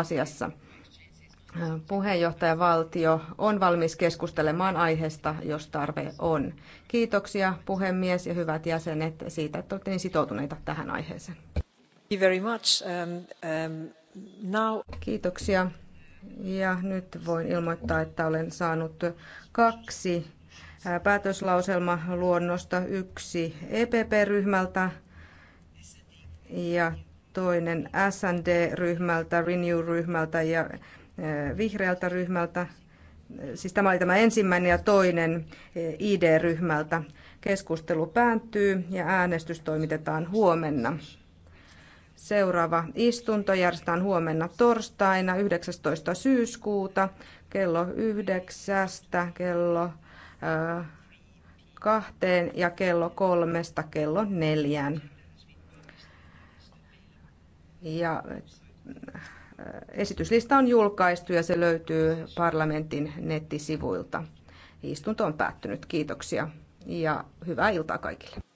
asiassa. Puheenjohtajavaltio on valmis keskustelemaan aiheesta, jos tarve on. Kiitoksia puhemies ja hyvät jäsenet siitä, että olette niin sitoutuneita tähän aiheeseen. Um, um, Kiitoksia. Ja nyt voin ilmoittaa, että olen saanut kaksi päätöslauselma luonnosta, yksi EPP-ryhmältä ja toinen SND-ryhmältä, Renew-ryhmältä ja eh, vihreältä ryhmältä. Siis tämä oli tämä ensimmäinen ja toinen eh, ID-ryhmältä. Keskustelu päättyy ja äänestys toimitetaan huomenna. Seuraava istunto järjestetään huomenna torstaina 19. syyskuuta kello 9, kello eh, kahteen ja kello kolmesta kello neljään. Ja äh, esityslista on julkaistu ja se löytyy parlamentin nettisivuilta. Istunto on päättynyt. Kiitoksia ja hyvää iltaa kaikille.